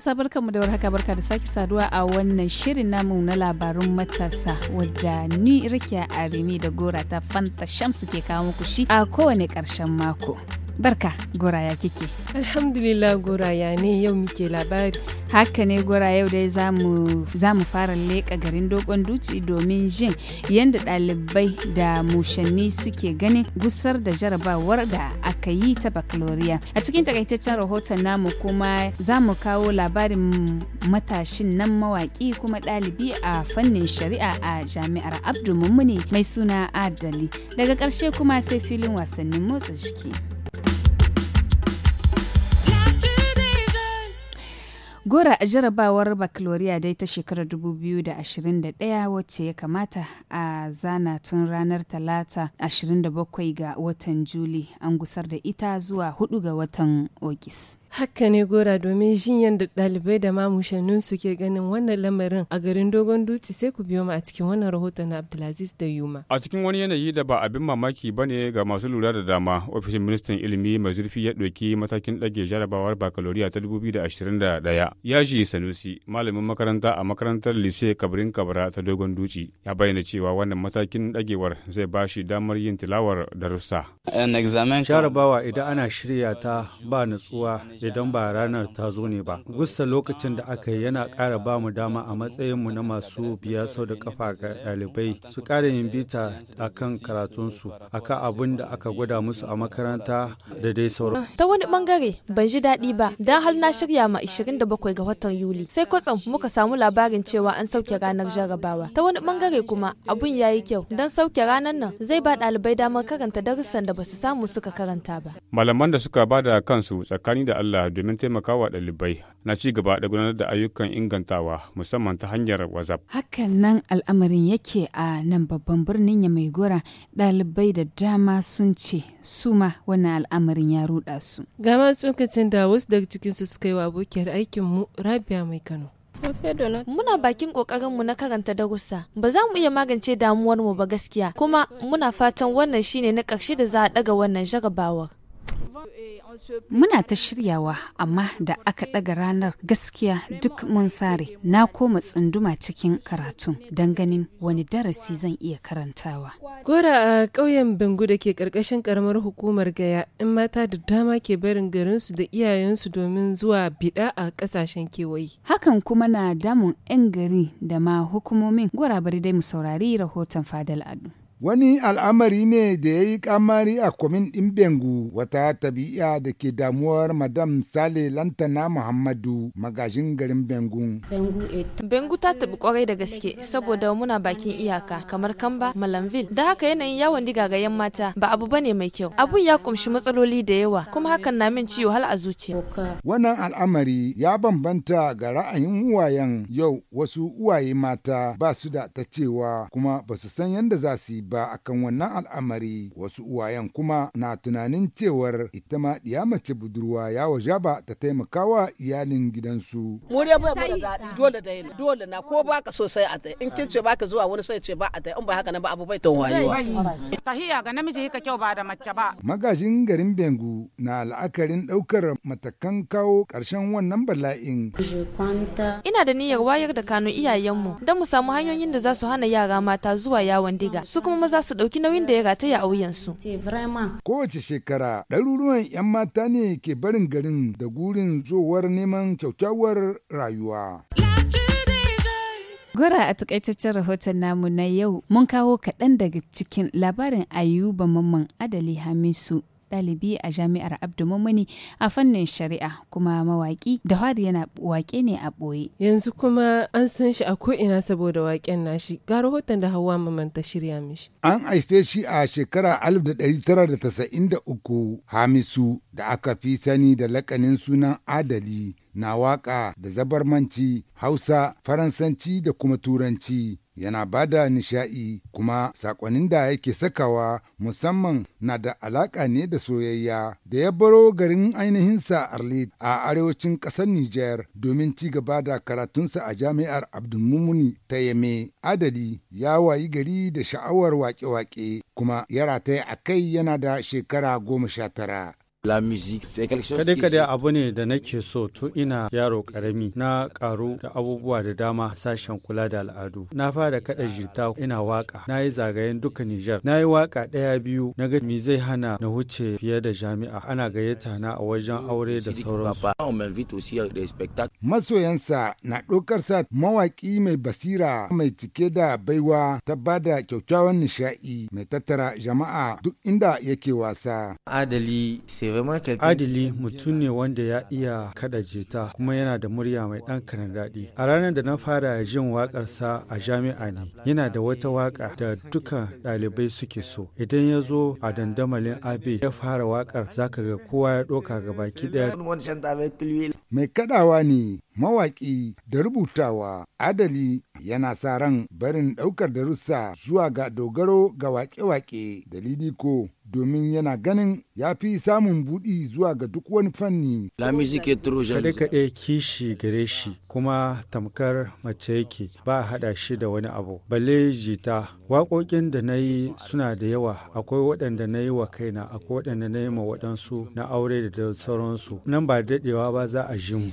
sabar barkanmu da warhaka barka da sake saduwa a wannan shirin namu na labarun matasa wadda ni rakiya arimi da gora ta fanta shamsu ke kawo muku shi a kowane karshen mako. Barka, goraya kike. Alhamdulillah goraya ne yau muke labari. Haka ne gora yau dai za mu fara leƙa garin dogon duci domin jin yadda ɗalibai da mushanni suke ganin gusar da jarabawar da aka yi ta bakaloriya. A cikin takaitaccen rahoton namu kuma za mu kawo labarin matashin nan mawaƙi kuma ɗalibi a fannin shari'a a jami'ar Abdul Mummuni mai suna Adali. Daga ƙarshe kuma sai filin wasannin motsa jiki. Gora a jarabawar bacloria dai ta shekarar 2021 wacce ya kamata a zana tun ranar talata 27 ga watan Juli an gusar da ita zuwa 4 ga watan Ogis. Haka ne gora domin jin yadda ɗalibai da mamushannin su ke ganin wannan lamarin a garin Dogon Dutse sai ku biyo mu a cikin wannan rahoton na Abdulaziz da Yuma. A cikin wani yanayi da ba abin mamaki ba ne ga masu lura da dama, ofishin ministan ilimi mai zurfi ya ɗauki matakin ɗage jarabawar bakaloriya ta 2021. Yaji Sanusi, malamin makaranta a makarantar Lise Kabrin Kabra ta Dogon Dutse, ya bayyana cewa wannan matakin ɗagewar zai ba shi damar yin tilawar darussa. Jarabawa idan ana shirya ta ba nutsuwa idan ba ranar ta zo ne ba gusa lokacin da aka yi yana ƙara ba mu dama a matsayinmu na masu biya sau da kafa ga ɗalibai su ƙara yin bita a kan karatunsu a kan abin da aka gwada musu a makaranta da dai sauran. ta wani bangare ban ji daɗi ba don hal na shirya ma 27 ga watan yuli sai kwatsam muka samu labarin cewa an sauke ranar jarabawa ta wani bangare kuma abun ya yi kyau don sauke ranar nan zai ba ɗalibai damar karanta darussan da ba su samu suka karanta ba. malaman da suka ba da kansu tsakani da allah Allah domin wa ɗalibai na ci gaba da gudanar da ayyukan ingantawa musamman ta hanyar WhatsApp. Hakan nan al'amarin yake a nan babban birnin ya mai gora ɗalibai da dama sun ce su ma wannan al'amarin ya ruɗa su. Gama tsokacin da wasu daga cikinsu suka yi wa abokiyar aikinmu Rabia Mai Kano. Muna bakin mu na karanta darussa. Ba za mu iya magance damuwarmu ba gaskiya, kuma muna fatan wannan shine na ƙarshe da za a ɗaga wannan jarabawar. Muna ta shiryawa amma da aka ɗaga ranar gaskiya duk mun sare na koma tsunduma cikin karatu don ganin wani darasi zan iya karantawa. Gora a ƙauyen Bangu da ke ƙarƙashin ƙaramar hukumar Gaya in mata da dama ke barin garinsu da iyayensu domin zuwa biɗa a ƙasashen kewaye. Hakan kuma na damun 'yan gari da ma hukumomin gora bari dai mu saurari rahoton Fadal adu Wani al'amari ne da ya yi kamari a kwamin ɗin Bengu wata tabi'a da ke damuwar Madam Sale Lantana Muhammadu magajin garin Bengu. Bengu e ta tabi kwarai da gaske saboda muna bakin iyaka kamar Kamba, Malamville. Da haka yanayin yawon digagayen mata ba abu ba ne mai kyau. Abun ya kumshi matsaloli da yawa kuma hakan na min ciwo hal a zuciya. Wannan al'amari ya bambanta ga ra'ayin uwayen yau wasu uwaye mata ba su da ta cewa kuma ba su san yadda za su yi ba kan wannan al'amari wasu uwayen kuma na tunanin cewar ita ma ɗiya mace budurwa ya waja ba ta taimakawa iyalin gidansu. Mu dai muna muna dole da yana dole na ko baka so sai a tai in kin ce ba baka zuwa wani sai ce ba a tai in ba haka nan ba abu bai ton wayewa. Tahiya ga namiji hika kyau ba da mace ba. Magajin garin Bengu na la'akarin ɗaukar matakan kawo ƙarshen wannan bala'in. Ina da niyyar wayar da kanu iyayenmu don mu samu hanyoyin da za su hana yara mata zuwa yawon diga su kuma maza su ɗauki nauyin da ya ya a wuyansu. Kowace shekara ɗaruruwan 'yan mata ne ke barin garin da gurin zowar neman kyaukyawar rayuwa. Gora a takaitaccen rahoton namu na yau mun kawo kaɗan daga cikin labarin Ayuba Mamman Adali Hamisu ɗalibi a jami'ar Abdu Mummuni a fannin shari'a kuma mawaƙi da hari yana waƙe ne a ɓoye. Yanzu kuma an san shi a ko'ina saboda waƙen nashi ga rahoton da hawa mamanta shirya mishi. An haife shi a shekara 1993 Hamisu da aka fi sani da lakanin sunan Adali na waƙa da zabarmanci Hausa, Faransanci da kuma Turanci. yana ba da nishaɗi kuma saƙonin da yake sakawa musamman na da alaƙa ne da soyayya da ya baro garin ainihinsa Arlit a arewacin ƙasar Niger, domin ci gaba da karatunsa a jami'ar Abdulmumuni ta Yame. Adali ya wayi gari da sha'awar waƙe-waƙe kuma ya rataye a kai yana da shekara goma sha tara. La musique, c'est quelque chose Kada kada abu ne da nake so tun ina yaro karami na karu da abubuwa da dama sashen kula da al'adu. Na fara kada jirta ina waka, na yi zagayen duka Nijar. Na yi waka ɗaya biyu, na ga mi zai hana na wuce fiye da jami'a. Ana gayyata na a wajen aure da sauransu. Masoyansa na ɗaukar sa mawaƙi mai basira mai cike da baiwa ta bada kyakkyawan nishadi. mai tattara jama'a duk inda yake wasa. Adali sai Adili mutum ne wanda ya iya kada jita kuma yana da murya mai dan daɗi. A ranar da na fara jin waƙarsa a jami'a ne, yana da wata waƙa da duka ɗalibai suke so. Idan ya zo a dandamalin Abe ya fara waƙar zaka ga kowa ya ɗauka ga baki ɗaya. Mai kaɗawa ne mawaƙi da rubutawa adali yana sa ran barin ɗaukar darussa zuwa ga dogaro ga waƙe-waƙe dalili ko. domin yana ganin ya fi samun buɗi zuwa ga duk wani fanni. kaɗe Kade kishi gare shi kuma tamkar mace yake ba haɗa shi da wani abu. Balle jita waƙoƙin da na yi suna da yawa akwai waɗanda na yi wa kaina akwai waɗanda na yi ma waɗansu na aure da sauransu nan ba daɗewa ba za a ji mu.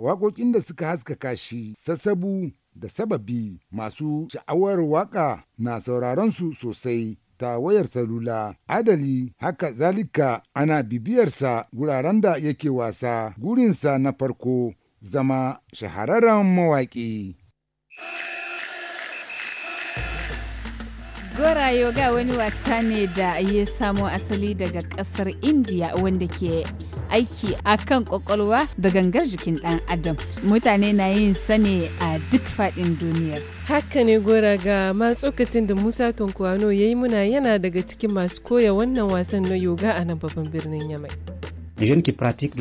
Waƙoƙin da suka haskaka shi sassabu da sababi masu sha'awar waƙa na sauraron su sosai. ta wayar salula adali haka zalika ana bibiyarsa guraren da yake wasa gurinsa na farko zama shahararren mawaƙi. gora yoga wani wasa ne da ya samo asali daga ƙasar Indiya wanda ke aiki a kan kwakwalwa da gangar jikin ɗan adam mutane na yin sane a duk faɗin duniyar haka ne gora ga matsokacin da musa tonkwano ya yi muna yana daga cikin masu koya wannan wasan na yoga a nan babban birnin yamai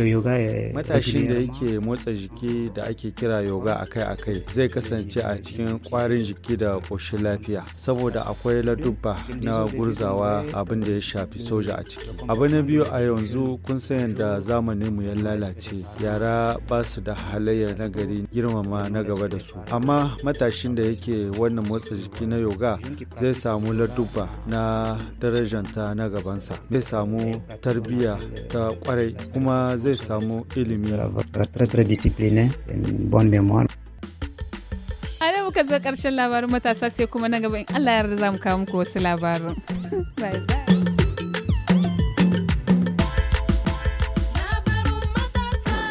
yoga matashin da yake motsa jiki da ake kira yoga akai-akai zai kasance a cikin kwarin jiki da koshin lafiya saboda akwai ladubba na gurzawa abin da ya shafi soja a ciki abu na biyu a yanzu kun san da zamanin mu ya lalace yara ba su da halayyar nagari girmama na gaba da su amma matashin da yake wannan motsa jiki na yoga zai samu ladubba na darajanta na gabansa zai samu tarbiyya ta kwarai kuma zai samu ilimi. A da muka zo ƙarshen labarin matasa sai kuma na gaba in Allah yarda za mu kawo muku wasu labarin. Bye bye.